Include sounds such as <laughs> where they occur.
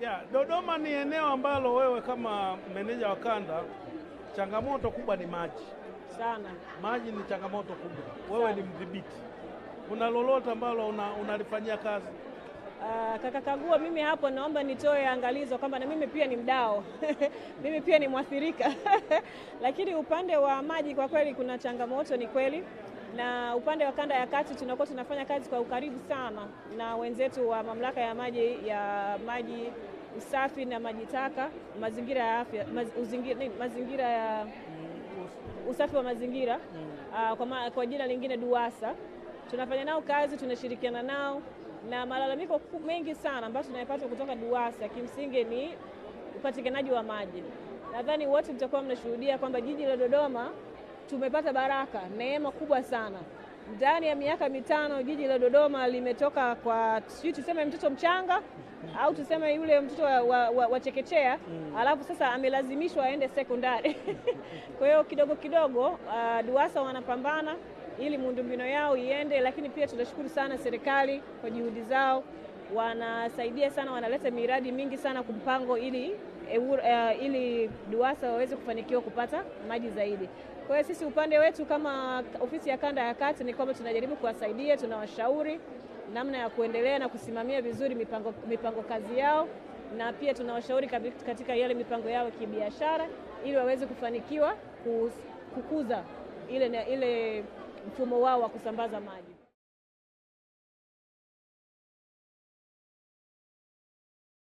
Yeah, Dodoma ni eneo ambalo wewe kama meneja wa kanda, changamoto kubwa ni maji sana. Maji ni changamoto kubwa, wewe sana. Ni mdhibiti, kuna lolote ambalo unalifanyia una kazi Uh, kaka Kagua, mimi hapo naomba nitoe angalizo kwamba na mimi pia ni mdao <laughs> mimi pia ni mwathirika <laughs> lakini upande wa maji kwa kweli kuna changamoto, ni kweli, na upande wa kanda ya kati tunakuwa tunafanya kazi kwa ukaribu sana na wenzetu wa mamlaka ya maji ya maji usafi na maji taka, mazingira ya afya, maz, uzingira, nini, mazingira ya usafi wa mazingira uh, kwa, ma, kwa jina lingine DUWASA tunafanya nao kazi, tunashirikiana nao na malalamiko mengi sana ambayo tunayapata kutoka DUWASA kimsingi ni upatikanaji wa maji. Nadhani wote mtakuwa mnashuhudia kwamba jiji la Dodoma tumepata baraka, neema kubwa sana. Ndani ya miaka mitano jiji la Dodoma limetoka kwa sijui tuseme mtoto mchanga au tuseme yule mtoto wa, wa, wa, wa chekechea mm. Alafu sasa amelazimishwa aende sekondari <laughs> kwa hiyo kidogo kidogo uh, ah, DUWASA wanapambana ili miundombinu yao iende, lakini pia tunashukuru sana serikali kwa juhudi zao, wanasaidia sana, wanaleta miradi mingi sana kumpango ili E, uh, ili DUWASA waweze kufanikiwa kupata maji zaidi. Kwa hiyo sisi upande wetu kama ofisi ya kanda ya kati ni kwamba tunajaribu kuwasaidia, tunawashauri namna ya kuendelea na kusimamia vizuri mipango, mipango kazi yao na pia tunawashauri katika yale mipango yao kibiashara ili waweze kufanikiwa kukuza ile, ile mfumo wao wa kusambaza maji.